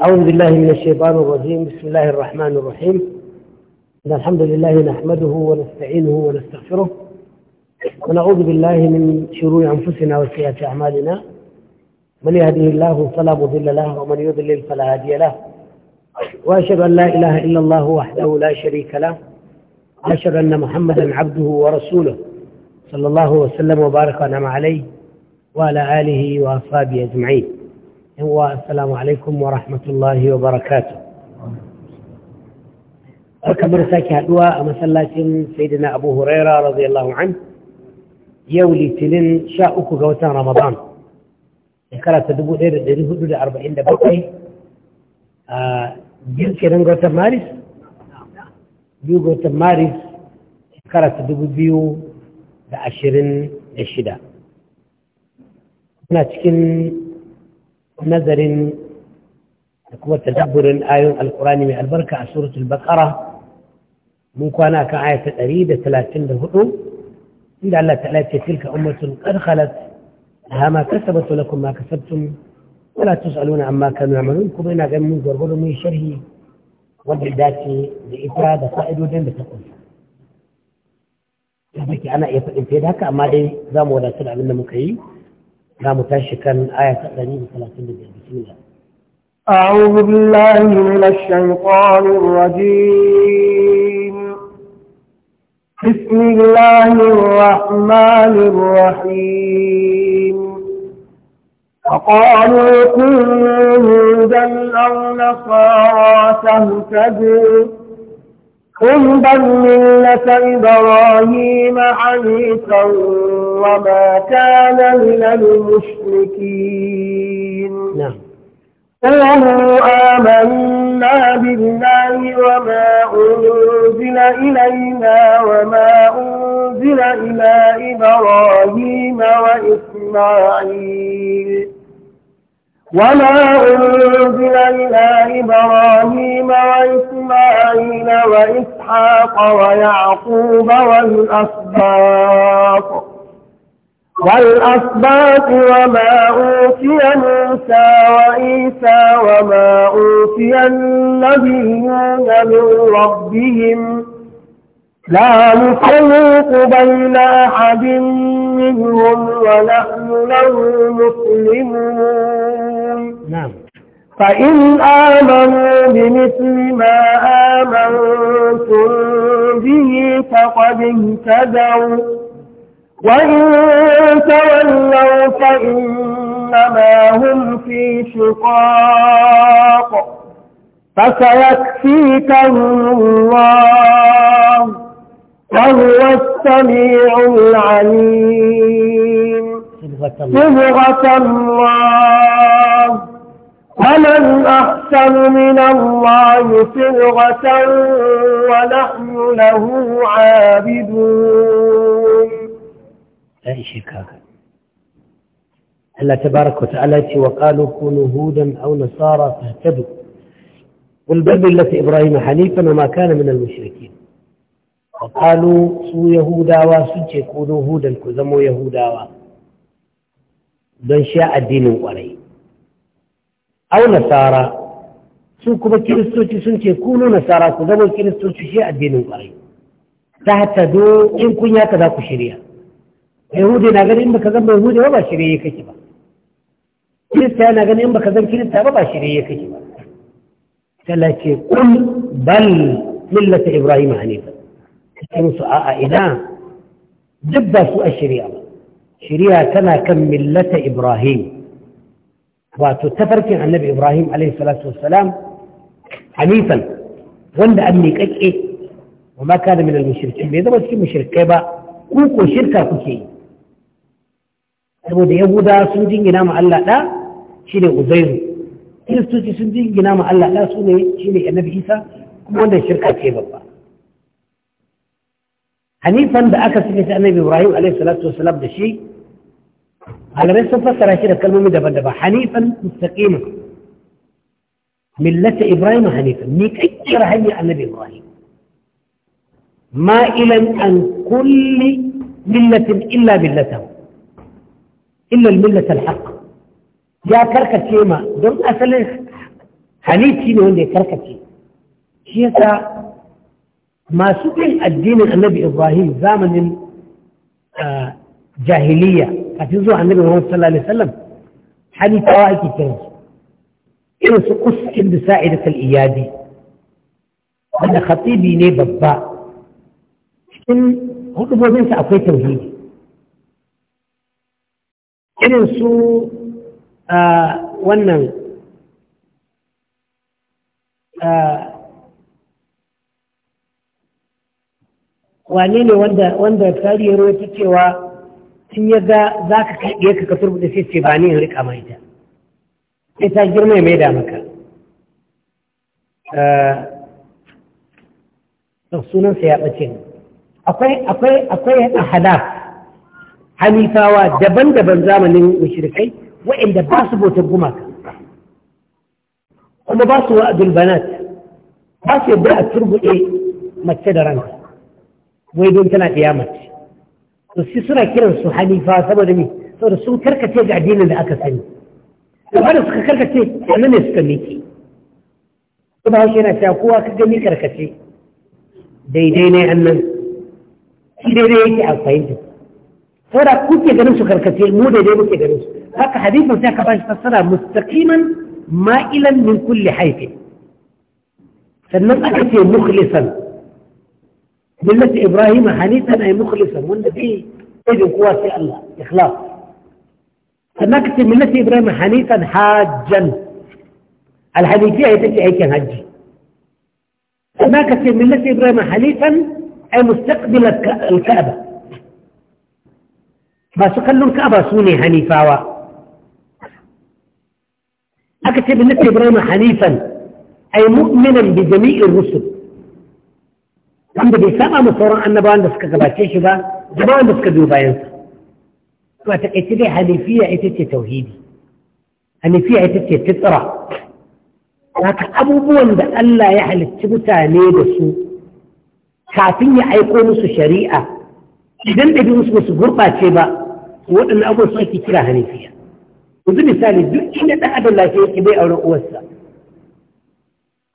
أعوذ بالله من الشيطان الرجيم بسم الله الرحمن الرحيم إن الحمد لله نحمده ونستعينه ونستغفره ونعوذ بالله من شرور أنفسنا وسيئات أعمالنا من يهده الله فلا مضل له ومن يضلل فلا هادي له وأشهد أن لا إله إلا الله وحده لا شريك له وأشهد أن محمدا عبده ورسوله صلى الله وسلم وبارك ونعم عليه وعلى آله وأصحابه أجمعين السلام عليكم ورحمة الله وبركاته أكبر ساكي هدوى مسلاة سيدنا أبو هريرة رضي الله عنه يولي تلين شاء قوتان رمضان shekara ta dubu ɗaya da ɗari hudu da arba'in da bakwai a jirgin gautar maris biyu gautar maris shekara ta dubu biyu da ashirin da shida cikin nazarin da kuma tadabburin ayoyin alkurani mai albarka a suratul baqara mun kwana kan aya ta 134 inda Allah ta'ala ce tilka ummatun qad khalat laha ma kasabat wa lakum ma kasabtum wala tusaluna amma kanu ya'malun kuma ina ganin mun gurgurun mun sharhi wanda dace da ita da fa'idodin da ta kunsa da ana iya faɗin fiye haka amma dai za mu wadatar abin da muka yi نعم تشكن آية 35 بسم الله أعوذ بالله من الشيطان الرجيم بسم الله الرحمن الرحيم فقالوا كن هودا أو نصارى تهتدوا قل بل ملة إبراهيم حنيفا وما كان من المشركين نعم آمنا بالله وما أنزل إلينا وما أنزل إلى إبراهيم وإسماعيل وما أنزل إلى إبراهيم وإسماعيل وإسحاق ويعقوب والأسباط والأسباط وما أوتي موسى وعيسى وما أوتي النبيون من ربهم لا نفرق بين أحد منهم ونحن له مسلمون فإن آمنوا بمثل ما آمنتم به فقد اهتدوا وإن تولوا فإنما هم في شقاق فسيكفيكهم الله وهو السميع العليم صبغة الله ومن أحسن من الله صبغة ونحن له عابدون أي شكاك الله تبارك وتعالى وقالوا كونوا هودا أو نصارى فاهتدوا قل بل إبراهيم حنيفا وما كان من المشركين وقالوا سو يهودا وسجي كونوا هودا كزموا يهوداوا don sha addinin ƙwarai, au nasara su kuma kiristoci sun ce kuno nasara ku zama kiristoci shi addinin ƙwarai, ta do in kun yaka za ku shirya yahudi na ganin baka zama yahudi ba ba shirye kake ba kirista yana ganin baka zan kirista ba ba shirye kake ba tala ce ƙun bal millata ibrahim hanifa kace musu a'a ina duk ba su a shirya ba Shiriya tana kan millata ibrahim wato tafarkin annabi ibrahim alaihi salatu wassalam hanifan wanda an miƙaƙe wa ma kana min al-mushrikin bai zama cikin mushrikai ba ku ko shirka kuke yi saboda yahuda sun jingina ma Allah da shine uzairu kiristoci sun jingina ma Allah da sune shine annabi isa kuma wanda shirka ce babba hanifan da aka sifita annabi ibrahim alaihi salatu wasalam da shi malamai sun fassara shi da kalmomi daban-daban hanifan mustaqimin millata ibrahim hanifan ni kakkiyar hanyar annabi ibrahim ma'ilan an kulli millatin illa billatahu illa millata alhaq ya karkace ma don asalin halitti ne wanda ya karkace shi yasa masu bin addinin annabi ibrahim zamanin jahiliya kafin zuwa annabi muhammad sallallahu alaihi wasallam hanifawa ake kiransu irin su kuskin da sa'ida kal'iyadi wanda khatibi ne babba cikin hudubobinsa akwai tauhidi irin su wannan wane ne wanda tsari ya rawaita cewa tun ya ga za ka kaɗe ka kasar buɗe sai ce ba ni in riƙa mai ta sai ta girma ya mai da maka eh, sunansa ya ɓace ne akwai akwai a ahadaf hanifawa daban-daban zamanin mashirkai waɗanda ba su bautar gumaka kuma ba su wa'adul banat ba su yadda a turbuɗe mace da ranka wai don tana kiyama to shi suna kiran su hanifa saboda me saboda sun karkace ga addinin da aka sani amma da suka karkace wannan ne suka miki kuma hausa yana cewa kowa ka gani karkace daidai ne annan shi daidai yake a fahimta saboda kuke ganin su karkace mu daidai muke ganin su haka hadisin sai ka bashi fassara mustaqiman ma'ilan min kulli haifin sannan aka ce mukhlisan ملة إبراهيم حنيفا أي مخلصا والنبي إذن في الله إخلاص فنكتب ملة إبراهيم حنيفا حاجا الحنيفية هي تجي كان هجي فنكتب ملة إبراهيم حنيفا أي مستقبل الكعبة ما سقلوا الكعبة سوني حنيفاوا أكتب ملة إبراهيم حنيفا أي مؤمنا بجميع الرسل wanda bai saba mu sauran annabawan da suka gabace shi ba da wanda suka biyo bayan su to a dai hanifiya ita ce tauhidi hanifiya ita ce fitra haka abubuwan da Allah ya halicci mutane da su kafin ya aiko musu shari'a idan da musu ba su gurɓace ba waɗannan abubuwan su ake kira hanifiya yanzu misali duk inda ɗan adam lafiya yake bai auren uwarsa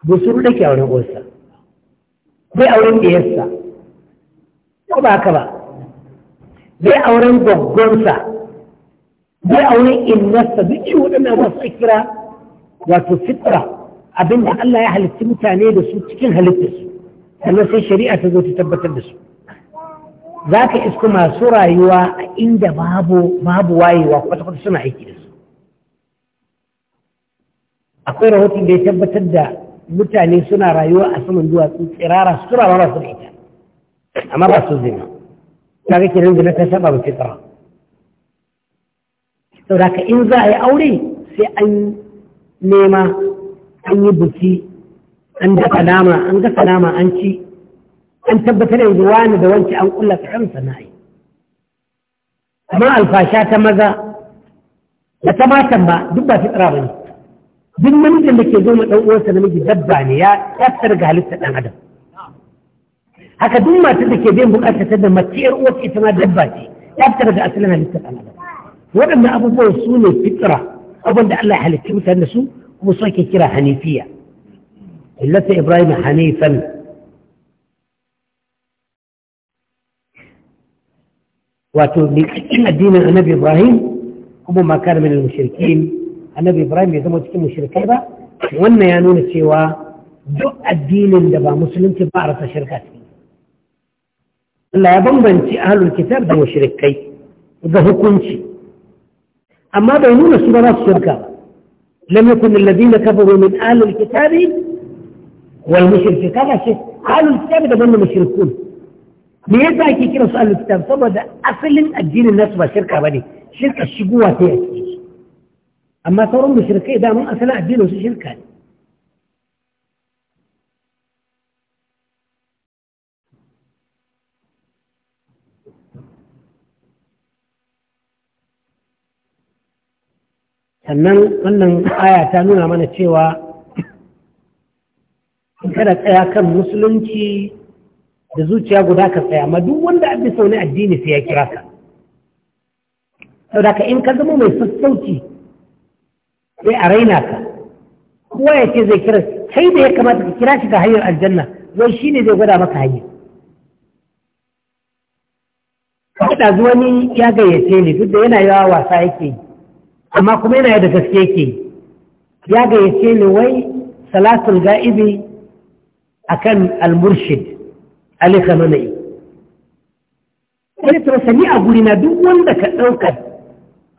ba su ruɗa ke auren uwarsa bai auren ɗiyarsa ko ba ka ba bai auren gwaggonsa bai auren innarsa duk yi waɗannan wasu kira wato fitra abinda Allah ya halitta mutane da su cikin halittarsu sannan sai shari'a ta zo ta tabbatar da su za ka isko masu rayuwa a inda babu babu wayewa kwata-kwata suna aiki da su akwai rahoton da ya tabbatar da mutane suna rayuwa a saman duwatsu tsirara sutura ba su da ita amma ba su zina ta ga kiran zina ta saba ba fitara sau da ka in za a yi aure sai an nema an yi buki an dafa nama an gasa nama an ci an tabbatar yanzu wani da wancan an kulla karam sana'i amma alfasha ta maza da ta matan ba duk ba fitara ba ne duk namijin da ke zo ma ɗan uwansa namiji dabba ne ya tsaftar ga halittar ɗan adam haka duk matar da ke biyan bukatar ta da mace yar uwarsa ita ma dabba ce tsaftar ga asalin halittar ɗan adam waɗannan abubuwan su ne fitra abin da Allah ya halitta mutane da su kuma su ake kira hanifiya illata ibrahim hanifan wato ne addinin annabi ibrahim kuma makar min al-mushrikin annabi ibrahim bai zama cikin mushrikai ba wannan ya nuna cewa duk addinin da ba musulunci ba a rasa shirka ce Allah ya bambanci ahlul kitab da mushrikai ga hukunci amma bai nuna su ba za su shirka ba lam yakun alladhina kafaru min ahlil kitabi wal mushriki kaga shi ahlul kitabi da banna mushrikun me yasa ake kira su ahlul kitab saboda asalin addinin nasu ba shirka bane shirka shigowa ta yake amma sauran mushrikai da mun addinin su shirka sannan wannan aya ta nuna mana cewa kada tsaya kan musulunci da zuciya guda ka tsaya ma duk wanda abin sau ne addini sai ya kira ka sau da ka in ka zama mai sassauci sai a raina ka kowa ya ce zai kira kai da ya kamata ka kira shi ga hanyar aljanna wai shi ne zai gwada maka hanyar kuɗa zuwa ni ya gayyace ni duk da yana yawa wasa yake yi amma kuma yana da gaske yake yi ya gayyace ni wai salatul ga'ibi a kan al-murshid ali khamenei wani a guri na duk wanda ka ɗaukar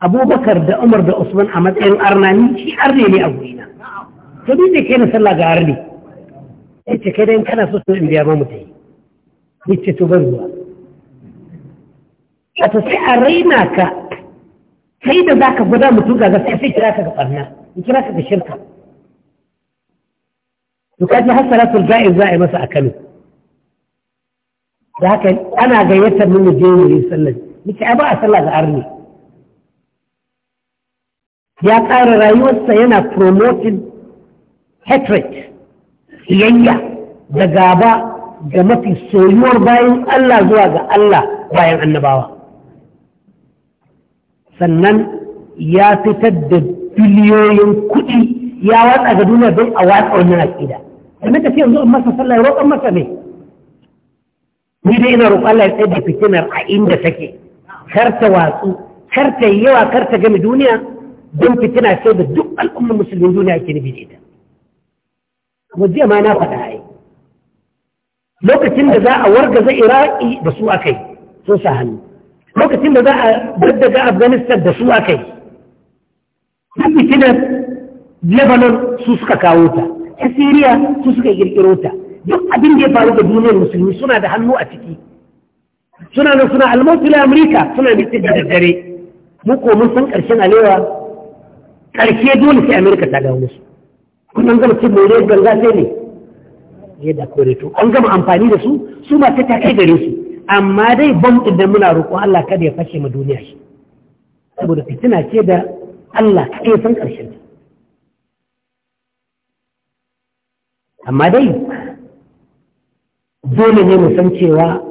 abubakar da umar da usman a matsayin arnani shi arne ne a gurina to ni ne ke na sallah ga arne ya ce kai dan kana so to in biya ma mu tayi ni ce to ban zuwa wato sai a raina ka kai da za ka gwada mutum ga sai sai kira ka ga barna in kira ka ga shirka to kaji har salatul ja'iz za a yi masa a Kano da haka ana gayyatar mu je mu yi sallah ni ce ba a sallah ga arne ya ƙara rayuwarsa yana promoting hatred siyayya da gaba ga mafi soyuwar bayan Allah zuwa ga Allah bayan annabawa sannan ya fitar da biliyoyin kuɗi ya watsa ga duniya don a watsa wannan aƙida sannan ka ce yanzu masa sallah roƙon masa ne ni dai ina roƙon Allah ya tsaye da fitinar a inda take Karta watsu karta yawa karta ta gami duniya don fitina ce da duk al'ummar musulmin duniya ke nufi ita kuma jiya ma na faɗa ai lokacin da za a wargaza iraki da su akai sun sa hannu lokacin da za a daddaga afghanistan da su kai, duk fitinar lebanon su suka kawo ta ta siriya su suka kirkiro ta duk abin da ya faru da duniyar musulmi suna da hannu a ciki suna nan suna almotula amurka suna mitin da daddare mu ko mun san ƙarshen alewa ƙarshe dole sai Amurka ta dawo musu kun an gama cin more ganga sai ne yadda kore to an gama amfani da su su ma sai ta kai gare su amma dai bam idan muna roƙo Allah kada ya fashe mu duniya shi saboda fitina ce da Allah kai san ƙarshen ta amma dai dole ne mu san cewa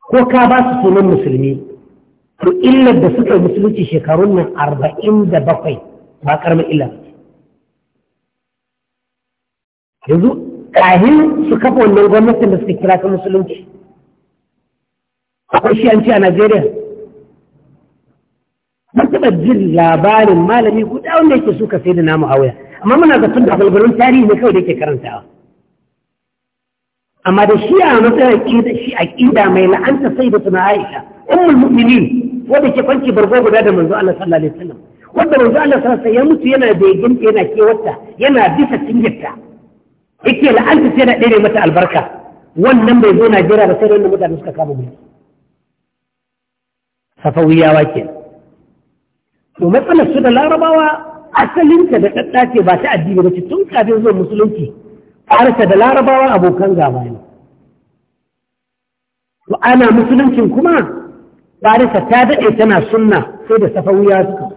ko ka ba su sunan musulmi to illar da suka musulunci shekarun nan arba'in da bakwai ba karamin illa yanzu kahin su kafa wannan gwamnatin da suka kira ta musulunci akwai shi'anci a najeriya ban taɓa jin labarin malami guda wanda yake suka sai da namu a waya amma muna zaton da gwalgwarin tarihi ne kawai da yake karantawa amma da shi a matsayin shi a ƙida mai la'anta sai da suna aisha ummul mu'minin wanda ke kwanci bargo guda da manzo Allah sallallahu alaihi wasallam wanda manzo Allah sallallahu alaihi wasallam ya mutu yana begin yana kewarta yana bisa tingirta yake la'anta sai da dare mata albarka wannan bai zo Najeriya ba sai da mutane suka kama mulki safawiyawa ke to matsalar su da larabawa asalinta da ɗaɗɗa ba ta addini ba ce tun kafin zuwa musulunci farsa da larabawa abokan gaba ne to ana musuluncin kuma ذلك تابع يتنا سنة سيدة سفوياتك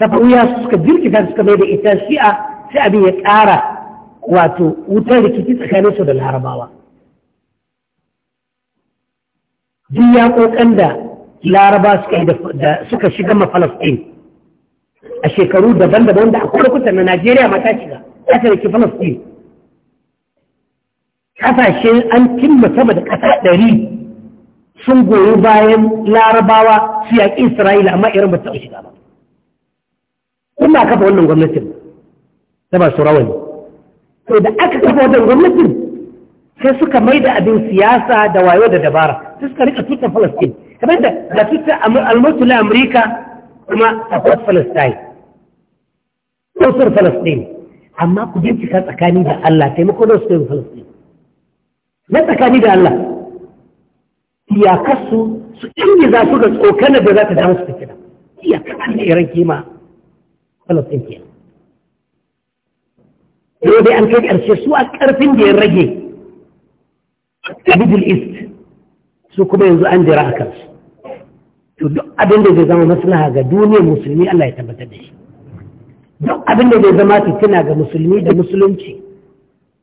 سفوياتك دير كتابتك ميدة إتان شيئة سأبي يكارة واتو وتالي كتيت خانسة للهرباوة ديا قوك أندا لاربا سكايدا سكا شكما فلسطين الشيكارو دبان دبان دا أقول كنت أن ناجيريا ما تاشيها أكري كي فلسطين كفا شيء أن كم سبب كفا دليل sun goyi bayan larabawa su yaƙi isra'ila amma irin ba su taɓa shiga ba kuma kafa wannan gwamnatin ta ba su rawani Sai da aka kafa wannan gwamnatin sai suka mai da abin siyasa da wayo da dabara sai suka rika tutar falastin kamar da da tutar almatu na amurka kuma support palestine ɗaukar falastin amma ku bincika tsakani da allah taimako da su yi falastin na tsakani da allah iyakarsu su inda za su ga tsokana da za ta damu su ta iyakar an da iran kima falastin ke yau dai an kai ƙarshe su a ƙarfin da ya rage a middle east su kuma yanzu an jira a kansu to duk abin da zai zama maslaha ga duniyar musulmi Allah ya tabbatar da shi duk abin da zai zama fitina ga musulmi da musulunci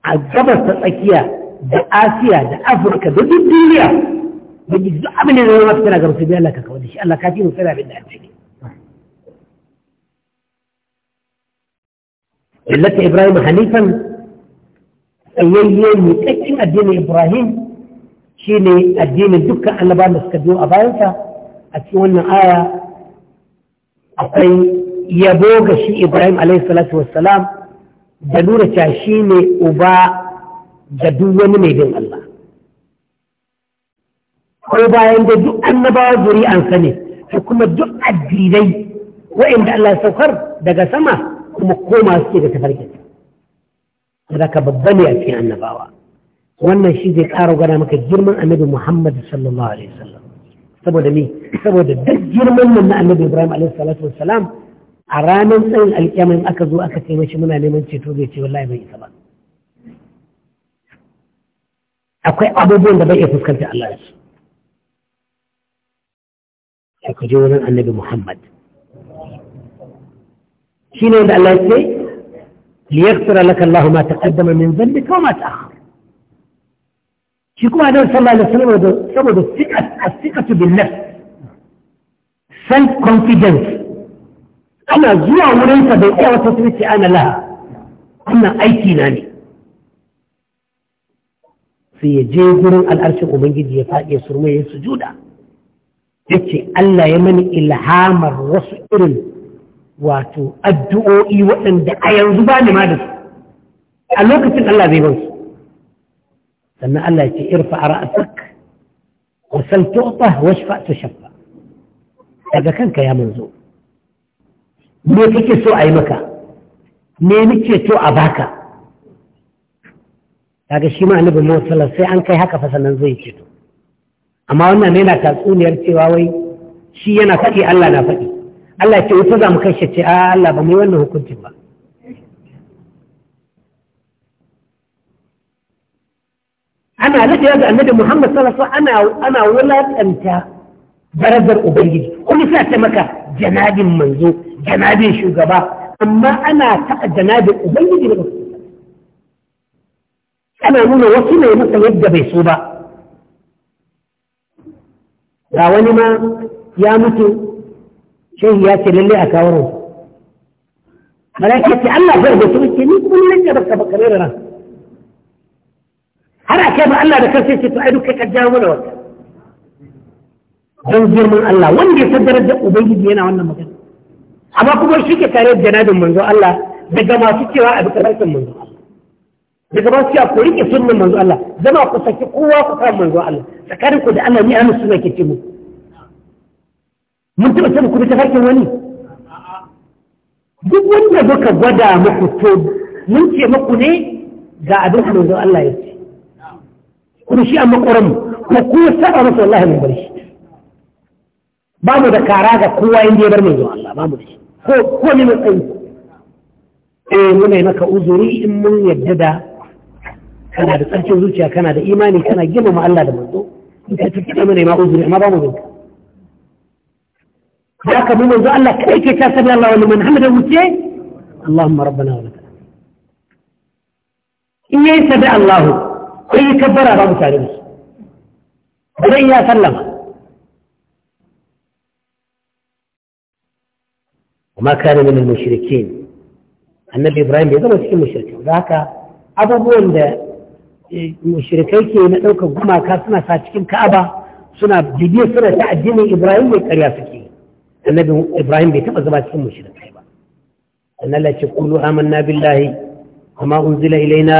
a gabas ta tsakiya da asiya da afirka da duk duniya duk duk abin da zama mata tana gamsu bi Allah ka kawo da shi Allah ka fi mu tsara abin da an ciki millata Ibrahim hanifan tsayayye ne addinin Ibrahim shi ne addinin dukkan annabawan da suka biyo a bayansa a cikin wannan aya akwai yabo ga shi Ibrahim alaihi salatu wassalam da nuna cewa shine uba da duk wani mai bin Allah ko bayan da duk annabawa zuri'ansa ne da kuma duk addinai wa'inda Allah ya saukar daga sama kuma koma suke da tafarkin Da ka babba ne a cikin annabawa wannan shi zai ƙara gwada maka girman annabi Muhammad sallallahu alaihi wasallam saboda me saboda duk girman nan na annabi Ibrahim alaihi salatu a ranar tsayin alƙiyama in aka zo aka ce mashi muna neman ceto zai ce wallahi bai isa ba akwai abubuwan da bai iya fuskanta Allah ya su تكجورن عن نبي محمد شين عند الله ليغفر لك الله ما تقدم من ذنبك وما تأخر شكو عدو صلى الله عليه وسلم سبب الثقة الثقة بالنفس سيلف كونفيدنس. أنا زوى مريسة بيئة وتطريسي أنا لها أنا أي تيناني في جيزر الأرشق ومنجد يفاق يسرمي سجودا yace Allah ya mani ilhamar wasu irin wato addu'o'i waɗanda a yanzu ba ni ma da su a lokacin Allah zai ban su sannan Allah ya ce irfa ra'sak wa sal tu'ta wa shfa shafa daga kanka ya manzo me kake so a yi maka me nake so a baka kaga shi ma annabi Muhammad sallallahu alaihi wasallam sai an kai haka fa sannan zai ce to amma wannan yana tatsuniyar cewa wai shi yana faɗi Allah na faɗi Allah ce wuta za mu kashe ce a ah, Allah ba mu yi wannan hukuncin ba ana da da annabi Muhammad sallallahu alaihi wasallam ana wulaƙanta barazar ubangiji kuma sai ta maka janabin manzo janabin shugaba amma ana ta janabin ubangiji ne ana nuna wasu ne masa yadda bai so ba ga wani ma ya mutu shehi ya ce lalle a kawo ransu malaika ce Allah zai da su ke ni kuma ni ya baka baka da ran har akai ba Allah da kansa ce to ai duka ka jawo mana wata don girman Allah wanda ya san darajar ubangiji yana wannan magana amma kuma shi ke tare da janabin manzo Allah daga masu cewa a bukar harkar manzo Allah daga masu cewa ku rike sunnan manzo Allah zama ku saki kowa ku kan manzo Allah tsakanin ku da Allah ni amsu ne ke ce mu mun taɓa ku da farkin wani duk wanda muka gwada muku to mun ce muku ne ga abin da manzo Allah ya ce ku shi amma ƙoran mu ku kuma saba Allah wallahi mun bar shi ba mu da kara ga kowa inda ya bar manzo Allah ba mu da shi ko ko ne matsayi eh muna yi maka uzuri in mun yadda da kana da tsarkin zuciya kana da imani kana girmama Allah da manzo da ta kiɗa mana ma uzuri amma ba mu zo da aka mu manzo Allah kai ke ta sami Allah wani man hamdan wuce Allahumma rabbana wa lakal in yayi sabi Allah kai yi kabbara ba mutane da su idan ya sallama وما كان من المشركين annabi ibrahim bai zama cikin mushrikin da haka abubuwan da mushirikai ke na ɗaukar gumaka suna sa cikin ka'aba suna bibiyar suna ta addinin ibrahim mai karya suke annabi ibrahim bai taɓa zama cikin mushrikai ba an Allah ce qulu amanna billahi wa ma unzila ilaina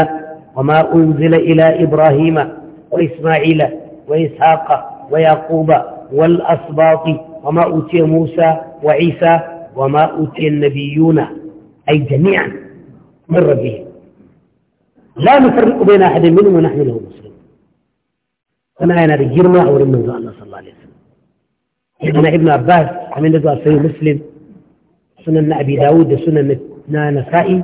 wa ma unzila ila ibrahima wa isma'ila wa ishaqa wa yaquba wal asbati wa ma utiya musa wa isa wa ma utiya nabiyuna ay jami'an min rabbihim لا نفرق بين أحد منهم ونحن له مسلم فما أنا رجرنا أو رمنا الله صلى الله عليه وسلم إذن ابن عباس عمل الله صلى مسلم سنن أبي داود سنن نانا سائي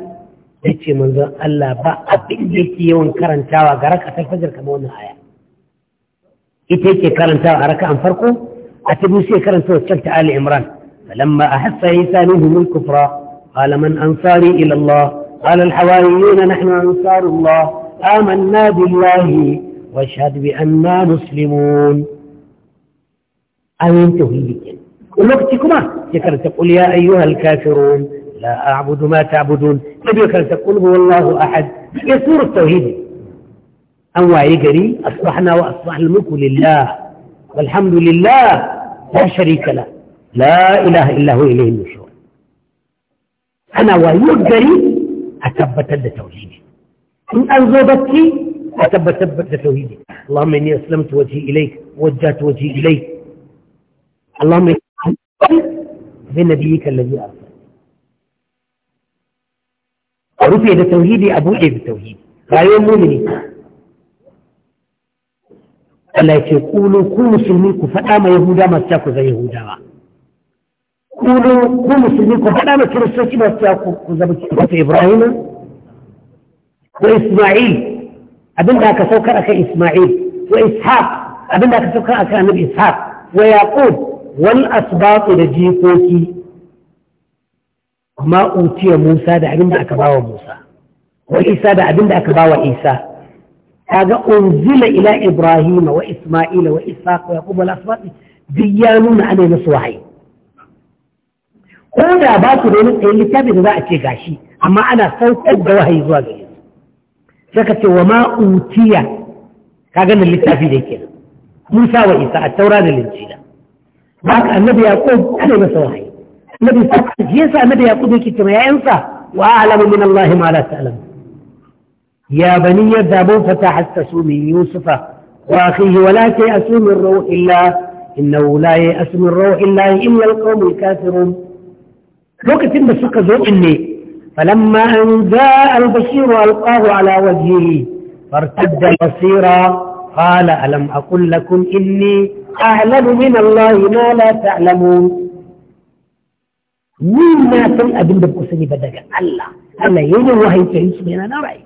يتشي منذ ألا باء بإنجيتي يوم كرن تاوى غرق أتفجر كما ونها آية إتيكي كرن تاوى غرق أنفرقو أتبوسي كرن تاوى تلت آل عمران فلما أحس إيسانوه من الكفر قال من أنصاري إلى الله قال الحواريون نحن أنصار الله آمنا بالله واشهد بأننا مسلمون آمين توحيدك ولوقتكما ذكر تقول يا أيها الكافرون لا أعبد ما تعبدون ذكر تقول هو الله أحد يسور التوحيد أن وعيقري أصبحنا وأصبح الملك لله والحمد لله لا شريك له لا إله إلا هو إليه النشور أنا وعيقري a tabbatar da tauhidi in an zo bacci a tabbatar da tauhidi Allahumma inni aslamtu wajhi ilayk wajjahtu wajhi ilayk Allahumma bi nabiyyika alladhi arsal a rufe da tauhidi a buɗe da tauhidi rayuwar mumini Allah ya ce kulu ku musulmi ku faɗa ma Yahuda masu ku zai Yahudawa kulu ku musulmi ku faɗa ma kiristoci ba su ku ku zama wata ibrahima wa isma'il abin da aka saukar akan isma'il wa ishaq abin da aka saukar akan annabi ishaq wa yaqub wal asbaq da jikoki ma utiya musa da abin da aka bawa musa wa isa da abin da aka bawa isa kaga unzila ila ibrahima wa isma'ila wa ishaq wa yaqub wal asbaq duk ya nuna ana masu wahayi ko da ba su da wani tsayin littafi da za a ce gashi amma ana saukar da wahayi zuwa gare su saka ce wa ma utiya ka ganin littafi da ke Musa wa Isa a taura da linjila ba ka annabi ya ko ana masa wahayi annabi sa ji yasa annabi ya Yaqub yake tuma yayansa wa a'lamu min Allah ma la ta'lam ya bani ya fa ta hasasu min Yusufa wa akhihi wa la ta'asu min ruhi illa innahu la ya'asu min ruhi illa illa al kafirun lokacin da suka zo in ne falamma an za al-bashir alqahu ala wajhihi fartadda basira qala alam aqul lakum inni a'lamu min Allah ma la ta'lamun ni na san abin da kusa sani ba daga Allah Allah yayi wahayi kai su yana na rai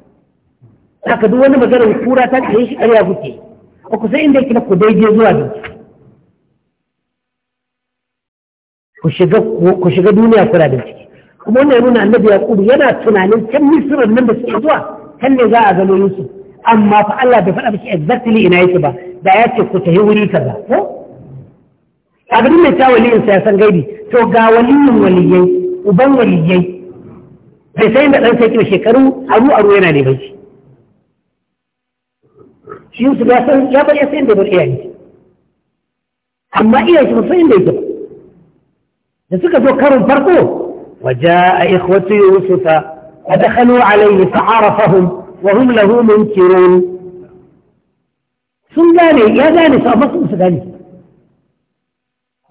haka duk wani maganar kura ta kai shi ƙarya kuke ku sai inda kina ku daidai zuwa bincike ku shiga duniya kuna bincike kuma wannan nuna annabi yaqubu yana tunanin can misra nan da suke zuwa kan ne za a gano yusuf amma fa Allah bai faɗa miki exactly ina yake ba da ya ce ku tafi wuri kaza ko abin mai ta waliyin sa ya san gaibi to ga waliyin waliyai uban waliyai bai sai da dan sai shekaru aru aru yana ne bai shi yusuf ya san ya bar ya san da bar iyaye amma iyaye ba sai inda yake ba da suka zo karin farko وجاء إخوة يوسف فدخلوا عليه wa hum lahu munkirun sun gane ya gane su amma su gane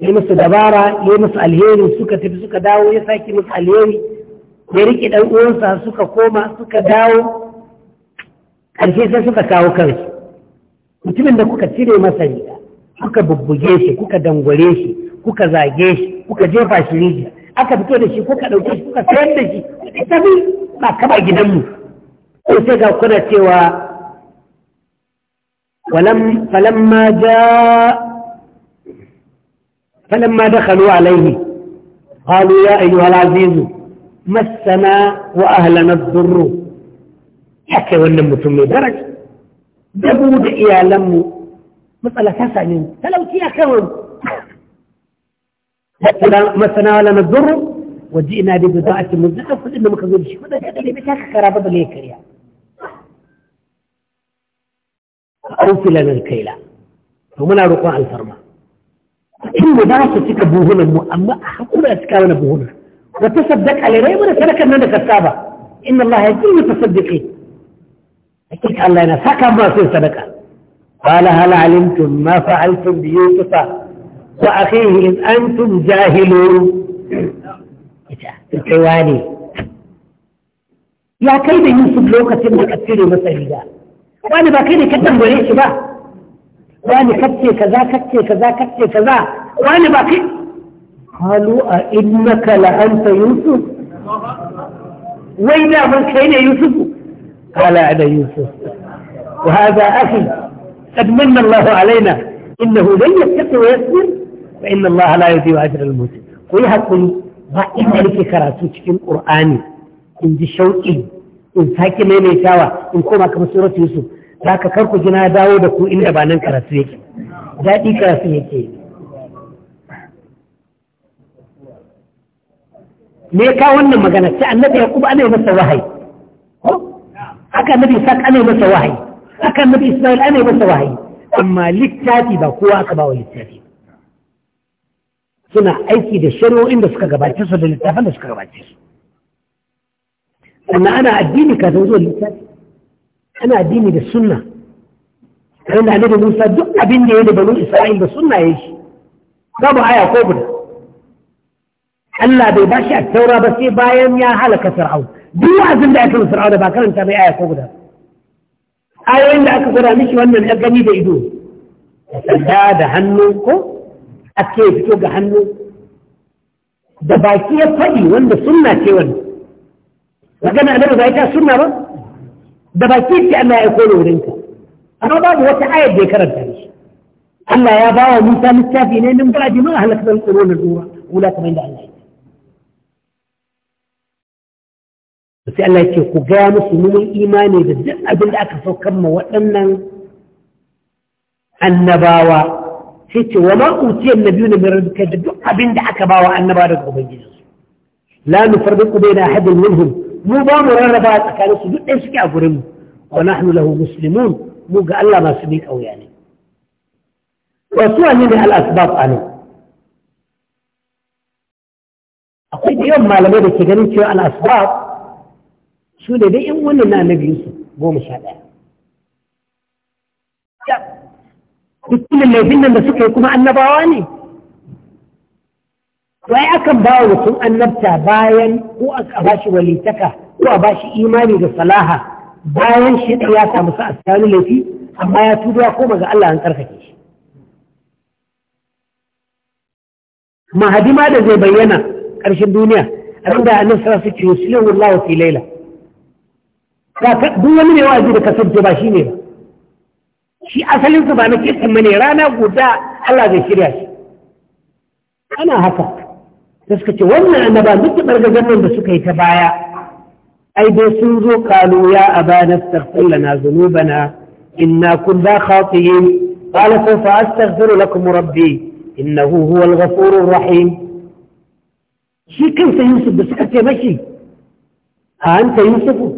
ya musu dabara ya musu alheri suka tafi suka dawo ya saki musu alheri ya rike dan uwansa suka koma suka dawo ƙarshe sai suka kawo kansu mutumin da kuka cire masa riga kuka bubbuge shi kuka dangware shi kuka zage shi kuka jefa shi rijiya aka fito da shi kuka ɗauke shi kuka sayar da shi tafi ba kaba gidanmu ko sai ga kuna cewa falamma ja falamma dakhalu alaihi qalu ya ayyuhal aziz massana wa ahlana ad-durr haka wannan mutum mai daraja dabu da iyalanmu matsala ta same mu talauci a kawai ما تناولنا لنا الذر وجئنا ببضاعة مزدقة فإن ما كان يقول شيء هذا جاء لي بتاك كرابة لي كريا أوف لنا الكيلة ثم لا رقاء الفرما إن مدارسة أبو هنا أما أحقنا أبو هنا وتصدق علينا يا من سنك أننا كتابة إن الله يجب أن تصدقين أكيد الله ينا ما سنصدق قال هل علمتم ما فعلتم بيوتفا وأخيه إن أنتم جاهلون الحوالي يا كيف يوسف لوكة من أكثر مسجدا وأنا باكيني كتن وليش بقى وأنا كتي كذا كتي كذا كتي كذا وأنا باكي قالوا أئنك لأنت يوسف وإذا من كان يوسف قال أنا يوسف وهذا أخي قد من الله علينا إنه لن يتقي ويصبر fa الله لا la أجر ajra al muhsin ku yi hakuri ba inda قرآني karatu cikin Kur'ani in ji shauki in إن maimaitawa in koma kamar suratu yusuf zaka داود ku إن na dawo da ku inda ba nan karatu yake daɗi karatu yake me ka wannan magana sai annabi yaqub ana yi masa wahayi haka annabi isaac ana yi masa wahayi haka annabi isma'il ana yi masa wahayi amma littafi ba kowa aka ba wa littafi suna aiki da shari'o'in da suka gabace su da littafin da suka gabace su sannan ana addini ka zo zuwa littafi ana addini da sunna kan da annabi Musa duk abin da ya da banu Isra'il da sunna ya shi babu aya ko guda Allah bai bashi a taura ba sai bayan ya halaka Fir'aun duk wa'azin da aka yi Fir'aun da ba karanta bai aya ko guda ayoyin da aka gwada mishi wannan ya gani da ido da sanda da hannu ko aske ya fito ga hannu da baki ya faɗi wanda sunna ce wani magana annabi ba ita sunna ba da baki ce Allah ya kore wurinka amma babu wata ayar da ya karanta shi Allah ya ba wa Musa littafi ne min ba'di ma halakna al-qurun al-ula wala kamar da Allah ya sai Allah ya ce ku ga musu mun imani da duk abin da aka saukar ma waɗannan annabawa sai ce wa ma utiyan nabiyuna min rabbika da duk abin da aka bawa annaba daga ubangijinsu la nufarriqu baina ahadin minhum mu ba mu rarraba tsakanin su duk ɗaya suke a gurin mu wa nahnu lahu muslimun mu ga Allah masu bi kauya ne wa su ne al asbab anan akwai da yawan malamai da ke ganin cewa al asbab su ne dai in wannan na nabi Yusuf goma sha ɗaya dukkanin laifin nan da suka yi kuma annabawa ne wai akan ba wa mutum annabta bayan ko a bashi walitaka ko a bashi imani da salaha bayan shi ya samu sa a laifi amma ya tuba ko maga Allah an karkake shi mahadima da zai bayyana ƙarshen duniya a inda a sallallahu alaihi wasallam yuslihu wallawa fi laila ba duk wani ne wa'azi da kasance ba shine ba shi asalin su ba na kirkin mane rana guda Allah zai shirya shi ana haka da suka ce wannan annaba duk bargazan nan da suka yi ta baya ai dai sun zo kalu ya abana astaghfir lana dhunubana inna kun kunna khatiyin qala sawfa astaghfiru lakum rabbi innahu huwal ghafurur rahim shi kansa yusuf da suka ce mashi a anta yusufu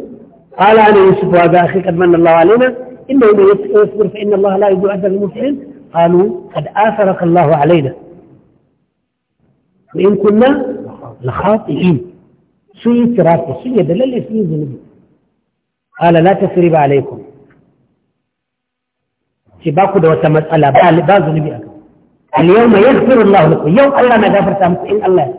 qala ana yusufu wa ga akhi qad manna Allah alaina إنهم يصبر فإن الله لا يجو أدى المسلم قالوا قد آثرك الله علينا وإن كنا لخاطئين سوء اتراك وسوء دلال يسيزنه قال لا تسرب عليكم سباك دوة مسألة بعض نبي اليوم يغفر الله لكم يوم الله ما دافرت أمس إن الله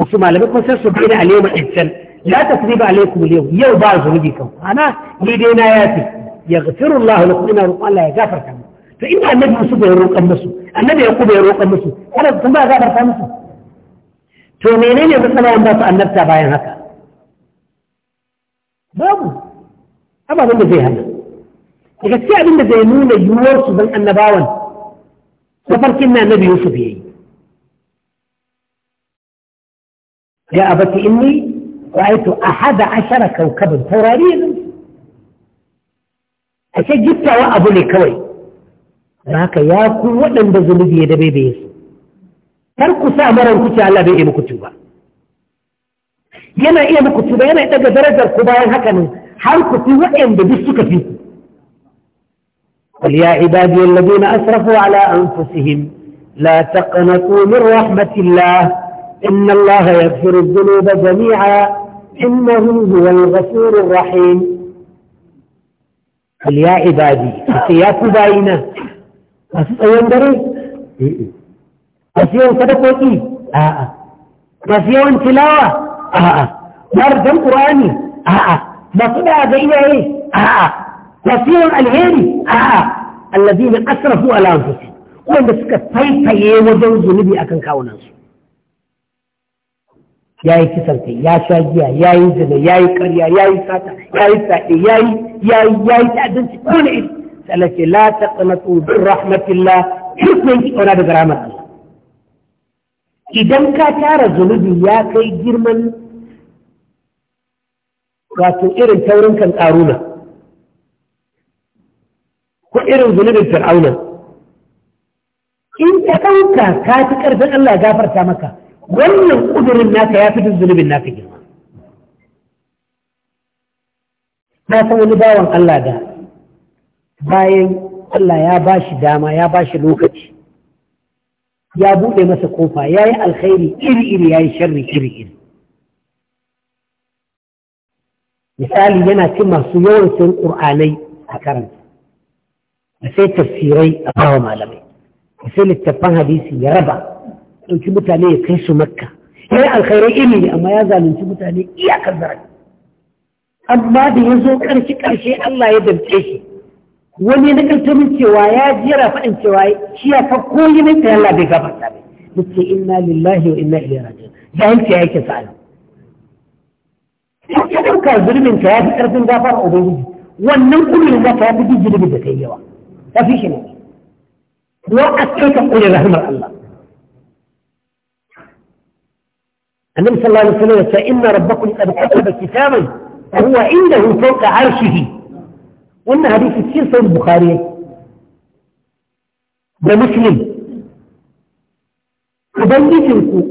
وثم لم يكن سيصبحنا اليوم احسن لا تكذب عليكم اليوم يو بارزوا لديكم أنا لدينا ياتي يغفر الله لكم إنا رقم الله يغفر كم فإن النبي يسوب يروق النسو النبي يقوب يروق النسو أنا ثم أغفر كمسو تومينين يغفر الله أنبات أن نبتع باين هكا بابو أبا ذنب زي هم إذا تسعب إن زينون يورس بالأنباوا سفر كنا النبي يسوب يا أبتي إني ra'aitu ahada ashara kaukabin taurari ne a ce gittawa abu ne kawai da ya ku waɗanda zunubi ya dabe bai su kar ku sa maran kuce Allah bai muku tuba yana iya muku tuba yana daga darajar ku bayan haka nan har ku fi waɗanda duk suka fi ku قل يا عبادي الذين أسرفوا على أنفسهم لا تقنطوا من رحمة الله إن الله يغفر الذنوب جميعا إنه هو الغفور الرحيم قال يا عبادي يا باينة أسيان دري أسيان صدقوكي آآ آه. أسيان تلاوة آآ آه. مرجم قرآني آآ آه. مصدع بين آآ أسيان الهيري آآ الذين أسرفوا على أنفسهم وأن تسكت suka faitaye wajen نبي أكن kawunansu ya yi kisan kai ya sha giya ya yi zina ya yi karya ya yi sata ya yi saɗe ya yi ya yi ya yi ta'addanci dole iri Allah ce la taqnatu bir rahmatillah kirkin ki kauna daga rahmar Allah idan ka tara zunubi ya kai girman wato irin taurin kan karuna ko irin zunubin fir'auna in ka ɗauka ka fi ƙarfin Allah gafarta maka wannan kudurin naka ya fi duk zunubin naka girma na san wani bawan Allah da bayan Allah ya ba shi dama ya ba shi lokaci ya buɗe masa kofa ya yi alkhairi iri-iri ya yi sharri iri-iri misali yana cin masu yawan sun ƙur'anai a karanta da sai tafsirai a bawa malamai da sai littattafan hadisi ya raba ɗauki mutane ya kai su makka ya yi alkhairar iri ne amma ya zalunci mutane iyakar zai amma da ya zo ƙarshe ƙarshe Allah ya damce shi wani na ƙarfi min cewa ya jera faɗin cewa shi ya fa koyi ne ta Allah bai gafarta bai nace inna lillahi wa inna ilaihi raji'un jahilci ya yake sa'ala ka ɗauka zulmin ka ya fi ƙarfin gafara ubangiji wannan kullum za ka ya fi jirgin da yi yawa ta fi shi ne wa askaita kullu rahmar Allah النبي صلى الله عليه وسلم يقول إن ربكم قد كتب كتابا فهو عنده فوق عرشه وإن حديث كثير في البخاري ومسلم ubangijinku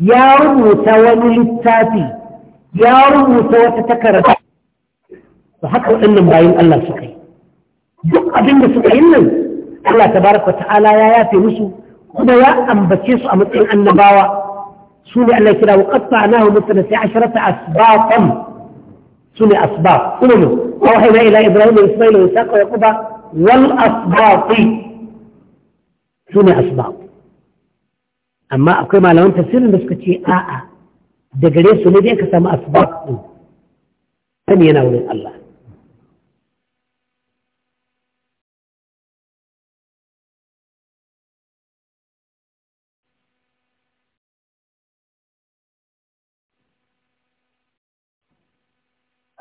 ya rubuta wani littafi ya rubuta wata takarda da haka waɗannan bayan Allah suka yi duk abinda suka yi nan Allah tabaraka ta'ala ya yafe musu kuma ya ambace su a matsayin annabawa سنة التي لو قطعناه مثل عشرة أسباطا سنة أسباط أمم ووحينا إلى إبراهيم وإسماعيل ويساق ويقوبة والأسباط سنة أسباط أما أقيمة لو أنت آه، آه. سنة نسكتي آآ دقليس ندي كسام أسباط أمين أولي الله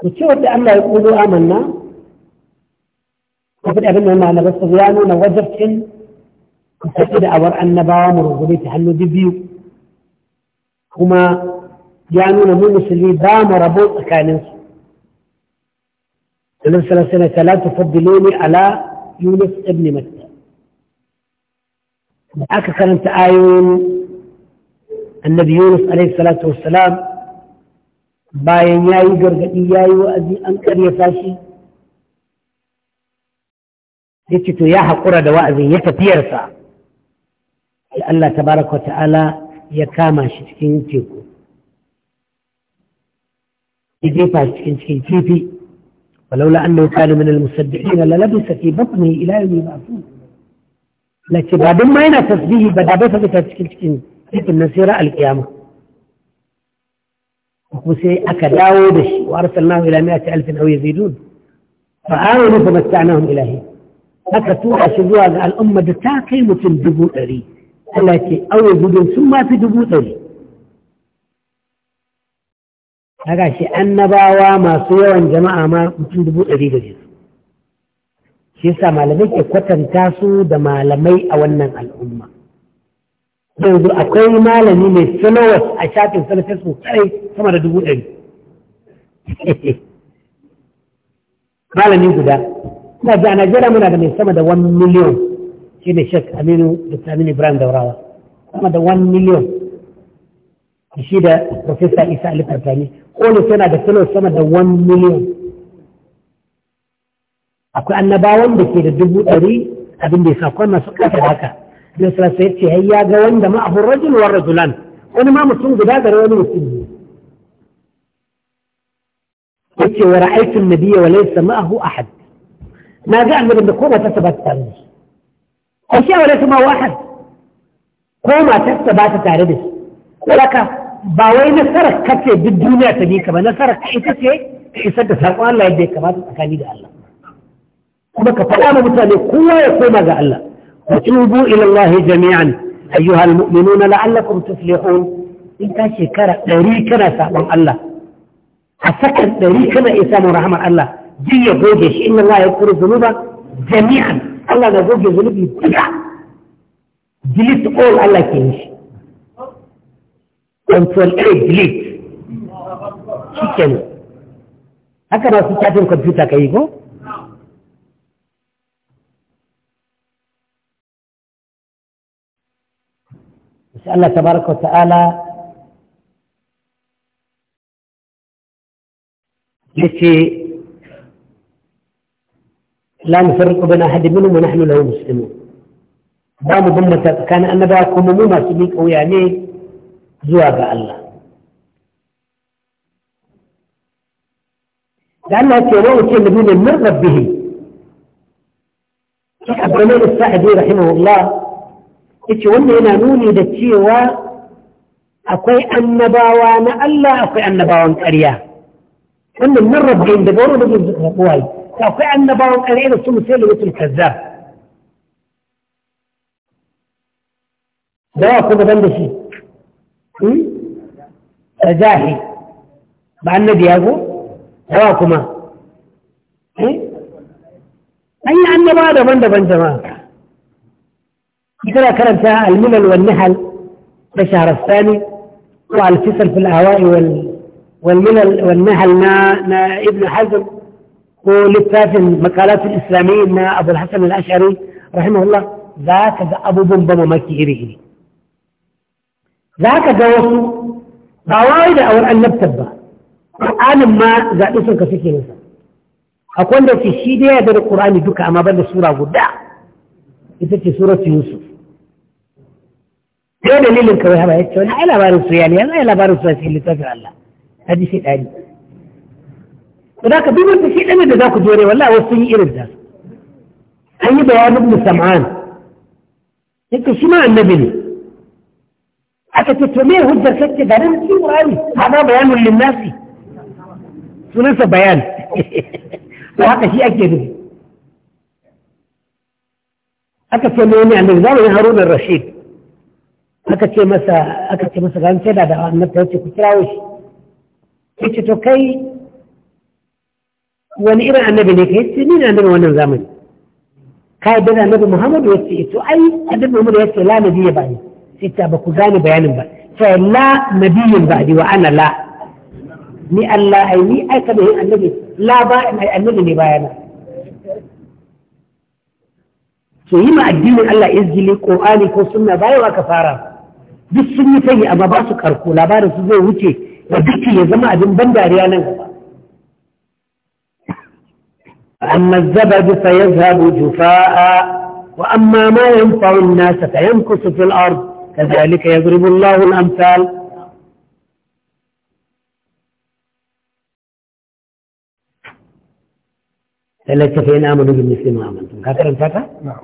كتير الله يقولوا آمنا وفي الأبنى ما أنا بس غيانو نوجرتن وفتد أور أن بام ورغبي تحنو دبيو هما يعني نمو مسلمي بام وربو أكانس النبي صلى الله عليه وسلم لا تفضلوني على يونس ابن مكة أكثر أنت آيون النبي يونس عليه الصلاة والسلام bayan ya yi gargaɗi ya yi wa'azi an ƙaryata shi ya ce to ya haƙura da wa'azin ya tafiyarsa sai Allah tabaraka wa ta'ala ya kama shi cikin teku ya jefa shi cikin cikin kifi walaula annahu kana min al-musaddiqina la labisa fi batnihi ila yawmi yub'athun lace ba don ma yana tasbihi ba da bai fita cikin cikin kifin nan sai ra al-qiyamah kuma sai aka dawo da shi wa arsalnahu ila mi'ati alfin aw yazidun fa amanu fa matta'nahum ilahi aka tura shi zuwa ga al'umma da ta kai mutum dubu ɗari Allah ce aw yazidun sun ma dubu ɗari kaga shi annabawa masu yawan jama'a ma mutum dubu ɗari da su shi yasa malamai ke kwatanta su da malamai a wannan al'umma yanzu akwai malami mai followers a shafin sa na facebook kare sama da dubu ɗari malami guda kuma da a najeriya muna da mai sama da 1 million shi ne shek aminu da aminu ibrahim daurawa sama da 1 million shi da professor isa ali farfani kolis yana da followers sama da 1 million akwai annabawan da ke da dubu ɗari abin da ya sa kwan su kasa haka bin sulasa ya ce ya ga wanda ma'ahun rajul wa rajulan wani ma mutum guda da wani mutum ne yace wa ra'aytun nabiyya wa laysa ma'ahu ahad na ga annabin da ko ba ta saba tare da shi ko shi wa laysa ma'ahu ahad ko ma ta saba tare da shi saboda ba wai nasarar kace duk duniya ta bi ka ba nasarar ka ita ce isar da saƙon Allah yadda ya kamata tsakani da Allah kuma ka faɗa ma mutane kowa ya koma ga Allah وتوبوا إلى الله جميعا أيها المؤمنون لعلكم تفلحون إن كان شكرا دريكنا سأمر الله أسكن دريكنا إسام رحمة الله جي يقودش إن الله يذكر الذنوب جميعا الله نقول الذنوب يبتلع delete all Allah ke yi shi control A delete shi haka na su chatin kwamfuta ka yi ko? الله تبارك وتعالى التي لا نفرق بين احد منهم ونحن له مسلمون بام ضمة كان ان باكم مما سميك او يعني زواج الله لانها تيروه تي الذين من ربهم عبد ابو الساعدي رحمه الله yace wanda yana nuni da cewa akwai annabawa na Allah akwai annabawan ƙarya wannan min rabbihim daga wurin da zuwa zuwa kowai akwai annabawan ƙarya da su musulmatul kazzab da wa kuma ban da shi rajahi ba annabi ya zo da kuma an yi annabawa daban-daban jama'a مثل كلام الملل والنهل في الشهر الثاني والكسر في الأهواء وال والملل والنهل ما, ما ابن حزم ولفاف مقالات الإسلاميين ما أبو الحسن الأشعري رحمه الله ذاك أبو بنبم مكي إليه ذاك ذا وصو بوايد أو أن نبتبه قرآن ما ذا إسم كفكي نسا أقول لك الشيء ده القرآن دوك أما بل سورة قدع إذا سورة يوسف sai dalilin kawai haba ya ce wani ai labarin su yani yanzu ai labarin su a cikin littafin Allah haji shi ɗani to da ka duk wanda shi ɗani da za ku jore wallahi wasu sun yi irin da an yi bayanin musamman yake shi ma annabi ne aka ce to me hujjar kake da nan cikin Qur'ani hada bayanun linnasi sunansa bayan to haka shi ake nufi aka ce ne ne annabi zamanin Harun ar-Rashid aka ce masa aka ce masa ga sai da ta ce ku kirawo shi yace to kai wani irin annabi ne kai ce ni ne annabi wannan zamani ka da annabi Muhammadu yace to ai annabi Muhammadu yace la nabiyya ba ni sai ta ba ku gane bayanin ba sai la nabiyyin ba wa ana la ni Allah ai ni ai kada yin annabi la ba annabi ne bayana to yi ma addinin Allah izgili Qur'ani ko sunna bayan ka fara duk sun yi tayi amma ba su karko labarin su zai wuce da duka ya zama abin ban dariya nan gaba amma zabadu fa yazhabu jufaa wa amma ma yanfa'u an-nas fa yankusu fil ard kadhalika yadribu Allahu al amsal sai lace fa in amanu bi misli ma amantum ka karanta ta na'am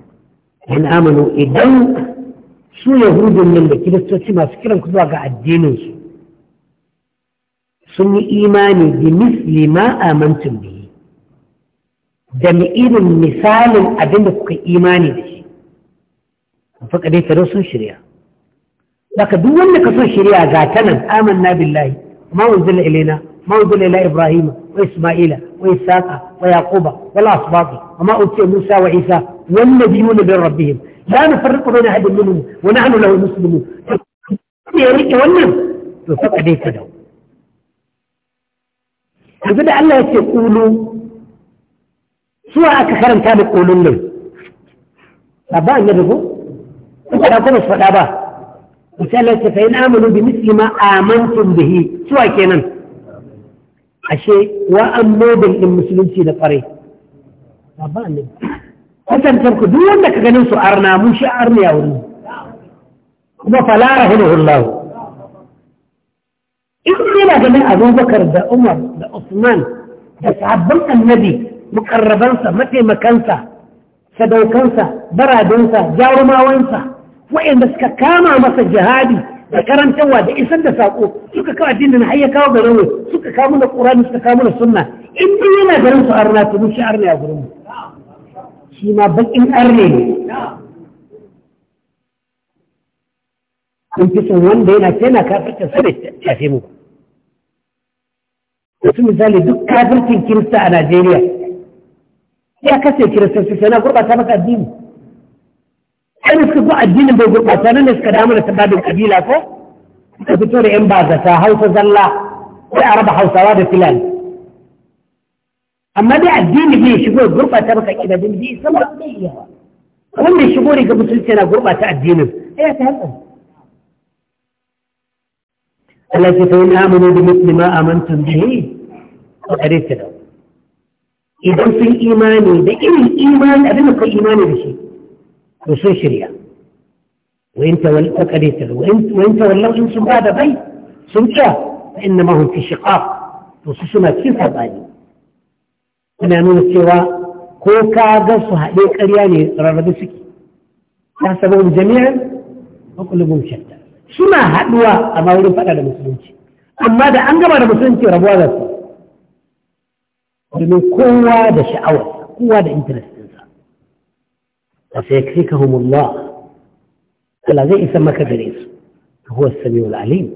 in amanu idan su yahudun nan da kiristoci masu kiran ku zuwa ga addininsu sun yi imani bi misli ma amantum bihi da irin misalin abinda kuka imani da shi fa kadai tare sun shirya daga duk wanda ka son shirya ga ta nan amanna billahi ma unzila ilaina ma unzila ila ibrahima wa isma'ila wa isaqa wa yaquba wal asbati amma ma musa wa isa wan nabiyuna rabbihim لا نفرق بين أحد منهم ونحن له مسلمون يريد ونم فقد اهتدوا فبدا الله يقولوا سواء أكثر كان يقول لي أبا أن يدفو أنت لا كنت فقابا وسألة فإن آمنوا بمثل ما آمنتم به سواء كينا أشيء وأمو بالمسلمين لقري أبا أن يدفو kasantar ku duk wanda ka ganin su arna mun shi arniya wuri kuma falara hulahullahu in yana ganin abubakar da umar da usman da sabbin annabi mukarrabansa mataimakansa sadaukansa baradinsa jarumawansa wa'inda suka kama masa jihadi da karantarwa da isar da saƙo suka kawo addinin har ya kawo garin suka kawo da ƙurani suka kawo da sunna in dai yana garin su arna to mun shi arna ya gurin mu shi ma bakin arne ne kun fi son wanda yana tana kafirta sai tafi mu wasu misali duk kafircin kirista a najeriya ya kasa kiristanci sai na gurɓata maka addini sai suka ko addinin bai gurɓata nan ne suka damu da sababin kabila ko suka fito da yan bazata hausa zalla sai a raba hausawa da filani amma dai addini bai shigo ya gurɓata maka kidajin bai san ba zai iya ba wanda shigo ne ga musulunci yana gurɓata addinin ai ya ta hankali Allah ce fa in amanu bi mithli ma amantum bihi fa qad ihtadaw idan sun imani da irin imani abin da kai imani da shi to sun shirya wa in tawal fa qad ihtadaw wa in tawallaw in sun bada bai sun ta fa innama hum fi shiqaq to su suna cikin sabani ina nuna cewa ko ka ga su haɗe ƙarya ne rarrabe suke ta saboda jami'an makulubun shatta suna haɗuwa a wurin faɗa da musulunci amma da an gama da musulunci rabuwa da su domin kowa da sha'awa kowa da intanestinsa a sai kai ka humullah Allah zai isa maka gare su ka huwa sami alim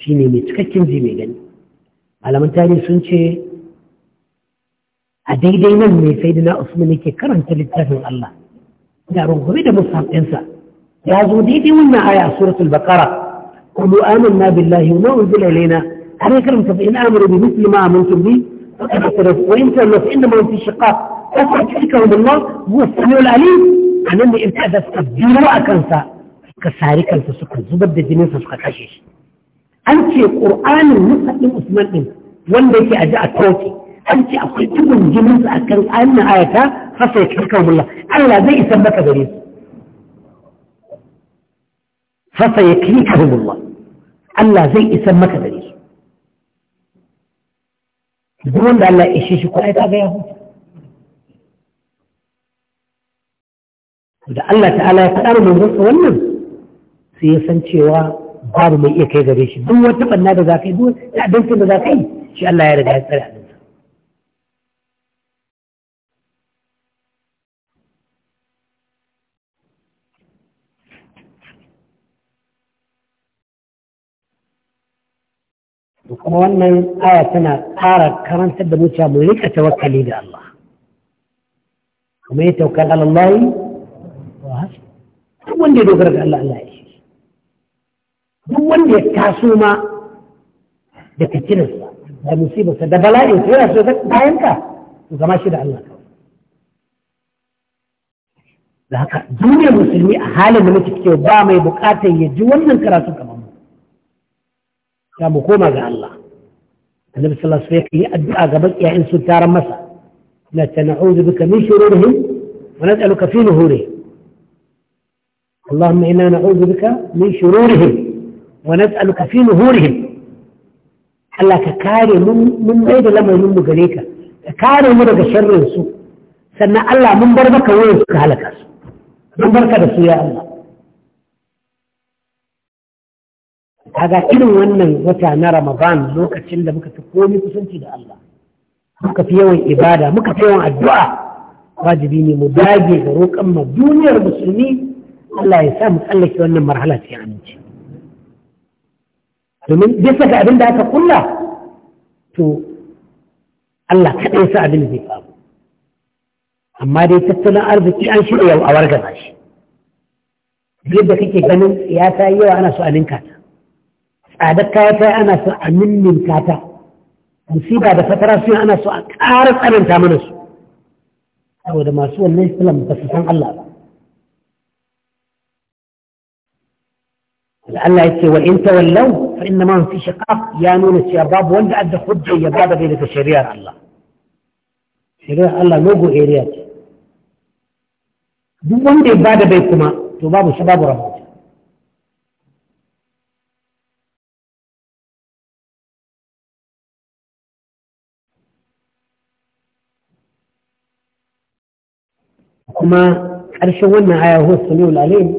shi ne mai cikakken ji mai gani malaman tarihi sun ce a daidai nan mai sai na usman yake karanta littafin Allah da rungume da musammansa ya zo daidai wannan aya a suratul bakara qulu amanna billahi wa ma unzila ilayna har ya karanta fa in amara bi mithli ma amantum bi faqad tarafu wa in tarafu inna man fi shiqaq fa wa Allah huwa as alim anan da irka da suka jiro a kansa suka sari kansa suka zubar da jinin sa suka kashe shi an ce qur'anin musallin usman din wanda yake aji a tauki an ce akwai tukun jinin su kan annan ayata fasa ya kirka mulla Allah zai isan maka gare su fasa ya kirka mulla Allah zai isan maka gare su duk wanda Allah ya ishe shi ko ai kaga ya huta da Allah ta'ala ya faɗa manzon sa wannan sai ya san cewa babu mai iya kai gare shi duk wata banna da za ka yi duk da da za ka yi shi Allah ya riga ya tsare kuma wannan aya tana ƙara karantar da muciya mu rika tawakkali da Allah kuma ya tawakkal Allah wa duk wanda ya dogara ga Allah Allah ya shi duk wanda ya taso ma da sa, da musibarsa da bala'in sai yana so da bayan ka to gama shi da Allah da haka duniyar musulmi a halin da muke cike ba mai bukatar ya ji wannan karatu kamar ya mu koma ga Allah annabi sallallahu alaihi wasallam ya addu'a ga bakiyayin su taran masa la tan'udu bika min shururihim wa nas'aluka fi Allah ka kare mun da lamarin mu gare ka ka kare mu daga sharrin su sannan Allah mun bar halaka su mun barka da su ya Allah kaga irin wannan wata na ramadan lokacin da muka fi komi kusanci da Allah muka fi yawan ibada muka fi yawan addu'a wajibi ne mu dage ga roƙon ma duniyar musulmi Allah ya sa mu tsallake wannan marhala cikin aminci domin bisa ga abin da aka kulla to Allah kaɗai sa abin zai faru amma dai tattalin arziki an shirya a wargaza shi yadda kake ganin ya ta yawa ana so a ninka ta tsadar kaya kaya ana so a nimmin kata musiba da fatara suna ana so a ƙara tsananta mana su saboda masu wannan islam ba su san Allah ba Allah ya ce wa in tawallaw fa inna ma fi shiqaq ya nuna cewa babu wanda adda hujja ya bada bai daga shari'ar Allah shari'ar Allah logo area ce duk wanda ya bada bai kuma to babu shi babu rabu kuma ƙarshen wannan aya huwa samiul alim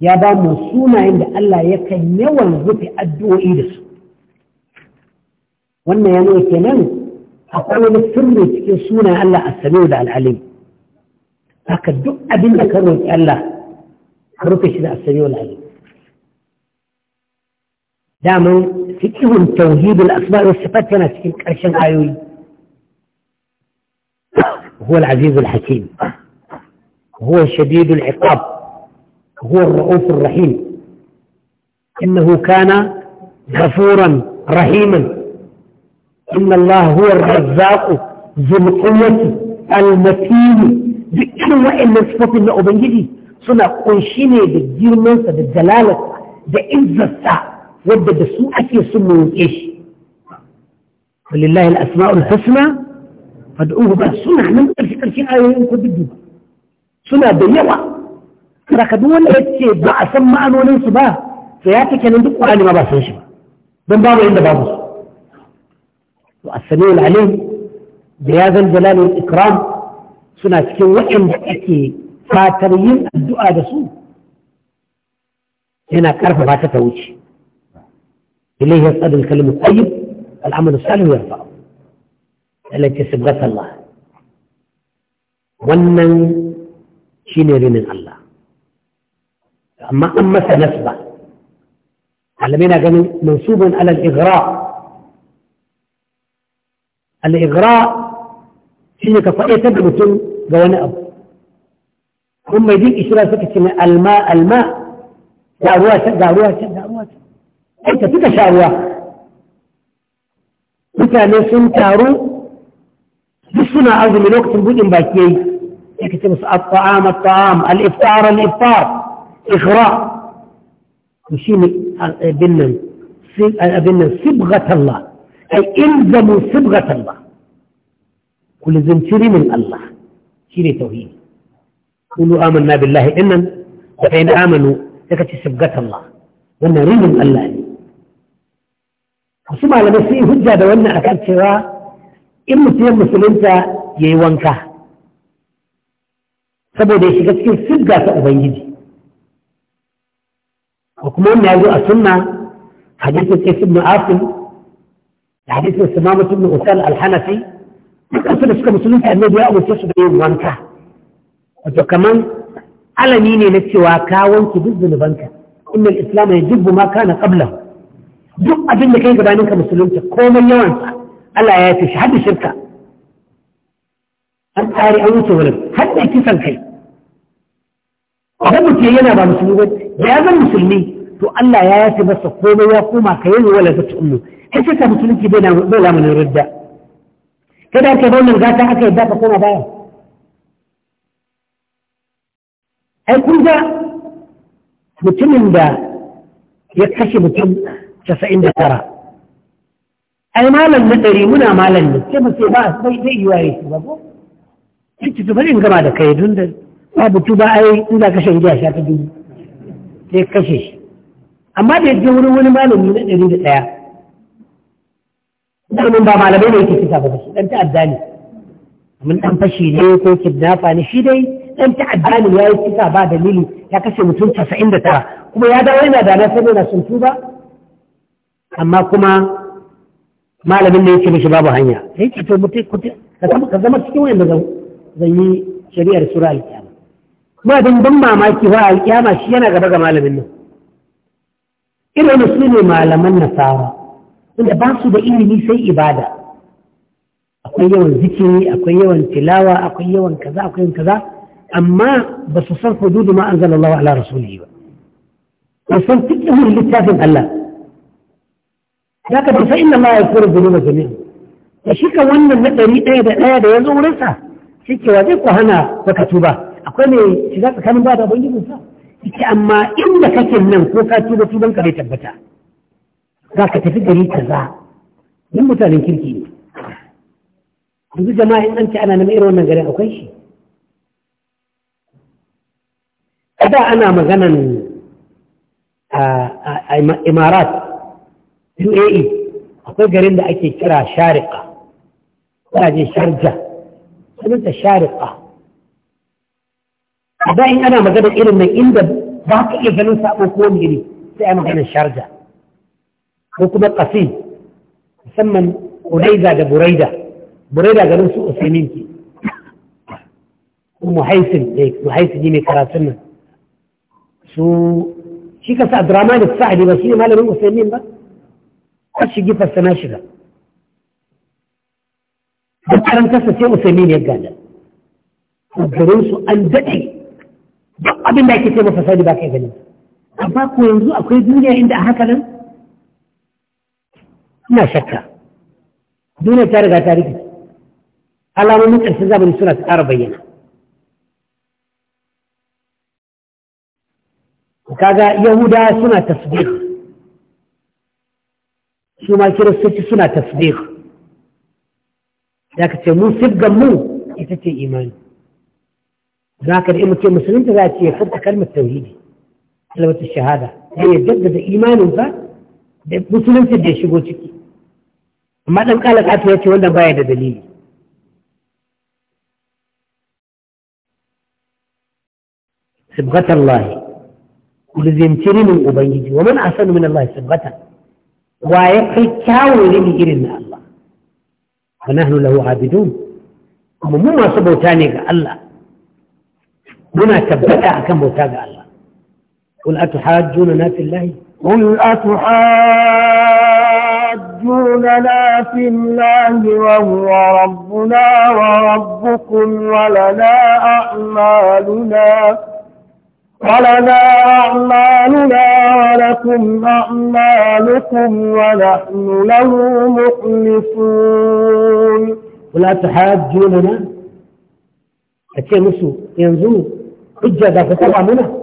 ya ba mu sunayen da Allah yakan yawan rufe addu'o'i da su wannan ya nuna kenan akwai wani sirri cikin sunayen Allah a samiul al'alim haka duk abin da ka roƙi Allah ka rufe shi da a samiul alim daman fikihun tauhidul asma wa sifat yana cikin ƙarshen ayoyi هو العزيز الحكيم هو شديد العقاب هو الرؤوف الرحيم إنه كان غفورا رحيما إن الله هو الرزاق ذو القوة المتين ذكر وإن نصفت إن أبنجدي صنع قنشيني بالجير منسى بالدلالة بإذة الساعة ودى بسوء أكي سمه إيش ولله الأسماء الحسنى فدعوه بقى صنع من أرسل كل آيه آيوين كل suna da yawa saraka duk wanda yake ba a san ma'anonin su ba to ya take nan duk Qur'ani ma ba san shi ba dan babu inda babu su to as alim da ya zan jalal ikram suna cikin waɗanda ake fatar yin addu'a da su yana karfafa ta ta wuce ilayhi yasadu al-kalimu tayyib al-amalu salih yarfa'u التي صبغة الله wannan shine rinin Allah amma an masa nasba malamai na ganin mansubin alal igra al igra shine ka faɗaitar da mutum ga wani abu kun mai din ishira suka ce alma alma ga ruwa ta ga ruwa ta ga ruwa ta ai ka suka sha ruwa mutane sun taru duk suna azumi lokacin buɗin baki yayi يكتب الطعام الطعام الإفطار الإفطار إغراء يشيل ابن صبغة الله أي إلزموا صبغة الله زمتري من الله شيني توحيد قولوا آمنا بالله إنا وإن آمنوا لكت صبغة الله وأن من الله لي wasu malamai sun دولنا أكاد شراء akan مسلم in mutum saboda ya shiga cikin sidda ta ubangiji ko kuma wannan ya zo a sunna hadisin sai ibn asim da hadisin sumama ibn usal al-hanafi dukkan su da suka musulunta annabi ya umarce su da yin wanka wato kaman alami ne na cewa ka wanke duk zunubanka inna al-islam yajibu ma kana qablahu duk abin da kai gabanin ka musulunta komai yawan Allah ya yafe shi hadda shirka an tsari an wuce wurin har da kisan kai idan mutum yana ba musulmi ba da ya zan musulmi to Allah ya yace masa komai ya koma ka yi wala ta ummu ai sai ka musulunci bai bai lamunin ridda kada ka bar nan gata aka yadda ka koma baya ai kun ga mutumin da ya kashe mutum casa'in da tara ai malam na ɗari muna malam ne sai mu ce ba sai zai yi waye ba ko ciki to bari in gama da kai dun da babu tuba ai in za ka shan giya sha ta dubu sai kashe shi amma da yake wurin wani malami na ɗari da ɗaya ɗanin ba malamai ne yake kisa ba shi ɗan ta'adda ne mun ɗan fashi ne ko kidnafa ne shi dai ɗan ta'adda ne ya yi kisa ba dalili ya kashe mutum casa'in da tara kuma ya dawo yana da na sai na sun tuba amma kuma malamin ne yake mishi babu hanya sai ce to mutum ka zama cikin wayan da zama zan yi shari'ar sura alkiyama kuma don ban mamaki wa alkiyama shi yana gaba ga malamin nan irin su ne malaman nasara inda ba su da ilimi sai ibada akwai yawan zikiri akwai yawan tilawa akwai yawan kaza akwai yawan kaza amma ba su san hududu ma anzalallahu ala rasulihi ba ba san fiqhul littafin Allah zaka ba sai inna ma yakuru dhunuba jami'an jami'a, ya ka wannan na ɗari ɗaya da ɗaya da ya zo wurinsa shi ke waje ku hana baka tuba. akwai mai shiga tsakanin ba da yi sa yake amma inda kake nan ko ka tuba tuban ka bai tabbata za ka tafi gari ka za. Yin mutanen kirki ne yanzu jama'a in an ce ana nama irin wannan garin akwai shi da ana maganan a imarat uae akwai garin da ake kira sharika je sharja musulunta shariƙa da in ana magana irin nan inda ba ka iya ganin sabon ko iri sai a magana sharja ko kuma qasim musamman uraiza da buraida buraida garin su usaimin ke muhaisin muhaisini mai karatun nan su shi ka sa drama da sa'adi ba shi ne malamin usaimin ba har shigi fassana shiga da karantarsa sai musulmi ne gada garin su an daɗe duk abin da ake ce masa sadi ba kai ganin amma ko yanzu akwai duniya inda a haka nan ina shakka duniya ta riga ta rikici alamomin ƙarshen zamani suna ƙara bayyana kaga yahuda suna tasbih su ma kiristoci suna tasbih za ka ce mu sibgan mu ita ce imani za ka da imace musulunta za ce ya furta kalmar tauhidi kalmar shahada sai ya jaddada imaninsa da musulunci da ya shigo ciki amma ɗan ƙalar ƙafi ya ce wanda baya da dalili sibgatar lahi kulzimci rinin ubangiji wa man asanu min Allah sibgata wa ya kai kyawun rini irin na Allah ونحن له عابدون أما مو ما سبوا تاني الله منا تبتع كم وتابع الله قل أتحاجوننا في الله قل أتحاجوننا في الله وهو ربنا وربكم ولنا أعمالنا ولنا أعمالنا ولكم أعمالكم ونحن له مخلصون ولا تحاجوننا أكيد نسو ينزو حجة ذا فتبع منا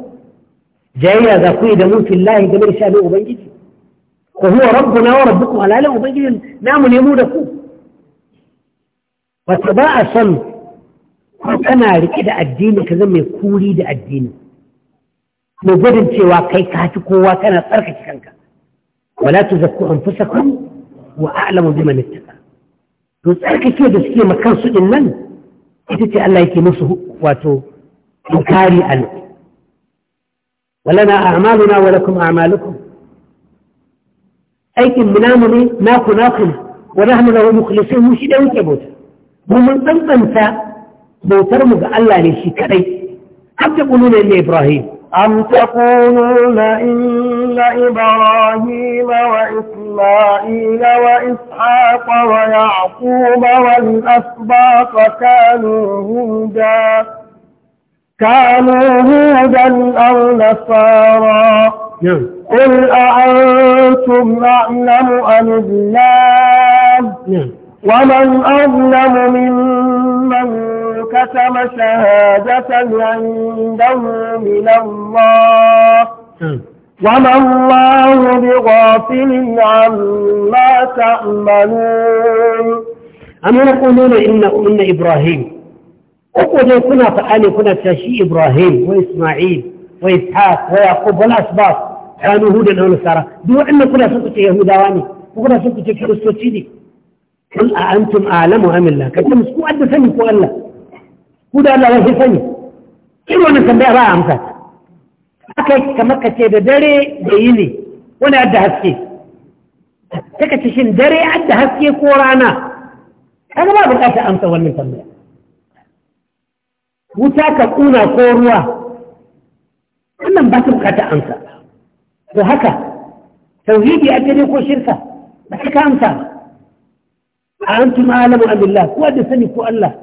جاية ذا قيد موت الله جميل شأنه أبنجي وهو ربنا وربكم على له أبنجي نعم يمودكم وتباء صنف وكما لكذا الدين كذا من كوري ده الدين Mai gudun cewa kai ka fi kowa kana tsarkake kanka wala tuzakku anfusakum wa a'lamu biman ittaqa to tsarkake da suke makan su din nan ita ce Allah yake musu wato inkari an walana a'maluna wa lakum a'malukum aikin mu namu ne naku naku wa nahnu lahu mukhlisun mu shi da yake bauta mu mun tsantsanta bautar mu ga Allah ne shi kadai abda quluna ne Ibrahim أم تقولون إن إبراهيم وإسماعيل وإسحاق ويعقوب والأسباط كانوا هودا كانوا هودا أو نصارا نعم. قل أأنتم أعلم أم الله نعم. ومن أظلم ممن كتم شهادة عنده من الله وما الله بغافل عما تعملون أما يقولون إن, أمنا إبراهيم أقول كنا فأني كنا تشي إبراهيم وإسماعيل وإسحاق ويعقوب والأسباط كانوا هودا أو نصارى دو أن كنا سكت يهوداني وكنا سكت كريستوسيدي قل أأنتم أعلم أم الله كنتم سكوا أدى سنكوا ku da Allah shi sani irin wannan tambaya ba a amsa akai kamar ka ce da dare da ne wani adda haske take ce shin dare adda haske ko rana kaga ba bukatar amsa wannan tambaya wuta ka kuna ko ruwa wannan ba ta bukatar amsa to haka tauhidi a dare ko shirka ba ka amsa ba a antum alamu abillah ko da sani ko Allah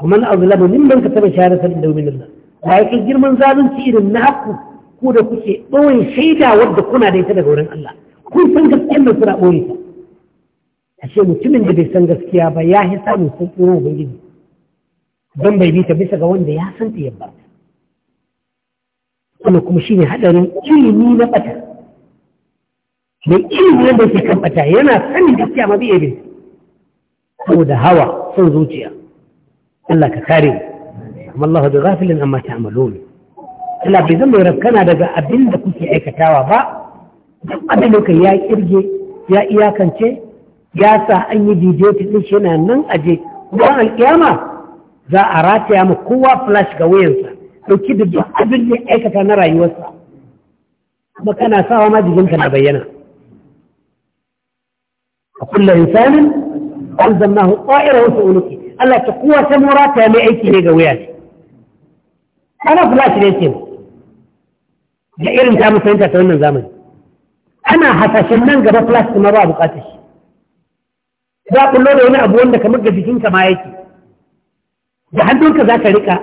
kuman azlamu mimman kataba shahadatan da min Allah wa yake girman zalunci irin na haku ko da kuke boye shaida wanda kuna da ita daga wurin Allah kun san gaskiyar da kuna boye ta ashe mutumin da bai san gaskiya ba ya hisa mu san tsoro ga gidi bai bi bisa ga wanda ya san ta yabba kuma kuma shine hadarin ilimi na bata mai ilimi wanda yake kan bata yana sanin gaskiya ma bai yi saboda hawa son zuciya Allah ka kare amma Allah da ghafilin amma ta'malun illa bai zama rafkana daga abin da kuke aikatawa ba duk abin da ya kirge ya iyakance ya sa an yi didiyoti din shi yana nan aje kuma alkiyama za a rataya ma kowa flash ga wayansa dauki da duk abin da aikata na rayuwarsa kuma kana sawa ma jikinka na bayyana a kullum insanin an zanna wasu unuki. Allah ta kuwa ta mura ta mai aiki ne ga wuya ne ana kula shi ne ce da irin ta musayanta ta wannan zamani ana hasashen nan gaba plastic ma ba bukatar shi za ku da wani abu wanda kamar ga jikinka ma yake da hannunka za ka rika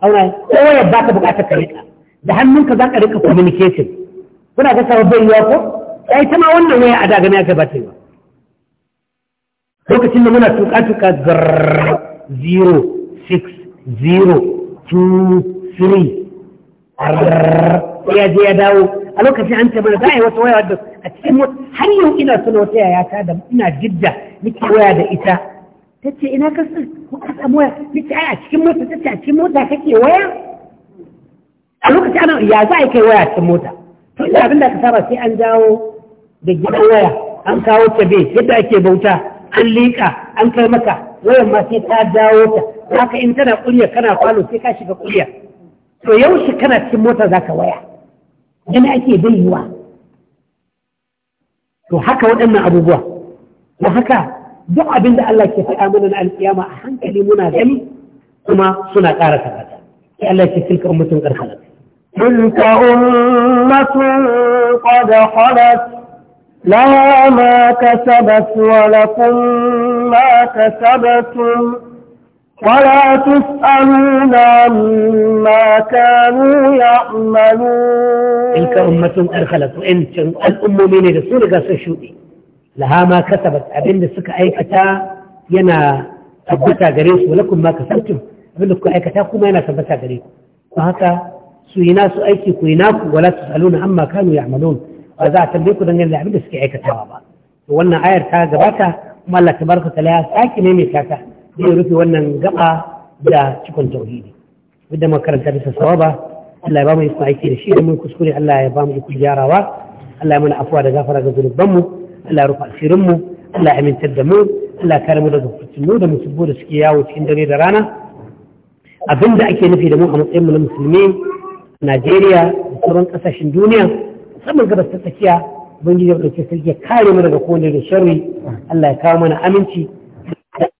auna ya ba ka bukatar ka rika da hannunka za ka rika communication kuna ga sababbin yiwa ko Ai, ta ma wannan waya a dagana ya yi ba lokacin da muna tuka-tuka zarrrrr zero six zero two three ya je ya dawo a lokacin an ce mana za a yi wata waya wadda a cikin har yau ina suna wata yaya ta da ina jidda nake waya da ita ta ce ina ka ko ka samu waya nake ai a cikin mota ta ce a cikin mota kake waya a lokacin ana ya za a yi kai waya cikin mota to ina abin da ka saba sai an dawo da gidan waya an kawo ta bai yadda ake bauta an liƙa an kai maka wayan ma sai ta dawo ta haka in tana kulya kana falo sai ka shiga kulya to yaushe kana cikin mota za ka waya yana ake baiwa to haka waɗannan abubuwa don haka duk abin da Allah ke faɗa mana na alƙiyama a hankali muna gani kuma suna ƙara karata sai Allah ke tilka ummatun ƙarfafa tilka ummatun qad khalat لها ما كسبت ولكم ما كسبتم ولا تسألون عما كانوا يعملون تلك أمة أرخلت وإنت الأم من رسول قصشوئي لها ما كسبت أبين لسك أي كتا ينا تبتا غريس ولكم ما كسبتم أبين لك أي كتا كما ينا تبتا غريس فهكا سوينا أيكي كويناك ولا تسألون عما كانوا يعملون ba za a tambaye ku dangane da abin da suke aikatawa ba to wannan ayar ta gabata kuma Allah tabaraka taala ya saki ne mai kata zai rufe wannan gaba da cikon tauhidi duk da makaranta bisa sawaba Allah ya ba mu iko aiki da shi da mun kuskure Allah ya ba mu iko gyarawa Allah ya mana afuwa da gafara ga zunuban mu Allah ya rufe asirin mu Allah ya amintar da mu Allah ya kare mu daga fitinu da musubbu da suke yawo cikin dare da rana abinda ake nufi da mu a matsayin mu na musulmi Najeriya da sauran kasashen duniya musamman gabas ta tsakiya ubangiji ya ɗauke sarki ya kare mu daga kowane da sharri Allah ya kawo mana aminci